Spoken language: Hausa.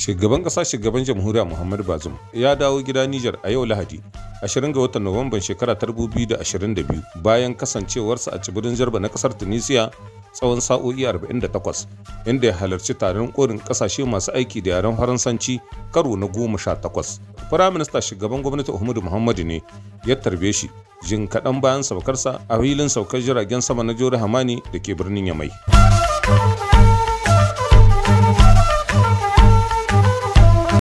Shugaban ƙasa shugaban jamhuriya Muhammadu Bazum ya dawo gida Nijar a yau Lahadi 20 ga watan Nuwamban shekara ta 2022 bayan kasancewarsa a tsibirin Jarba na ƙasar Tunisia tsawon sa'o'i 48 inda ya halarci taron korin ƙasashe masu aiki da yaren faransanci karo na 18 firaminista shugaban gwamnati ahmadu muhammadu ne ya tarbe shi jin kaɗan bayan saukarsa a filin saukar jiragen sama na jori hamani da ke birnin yamai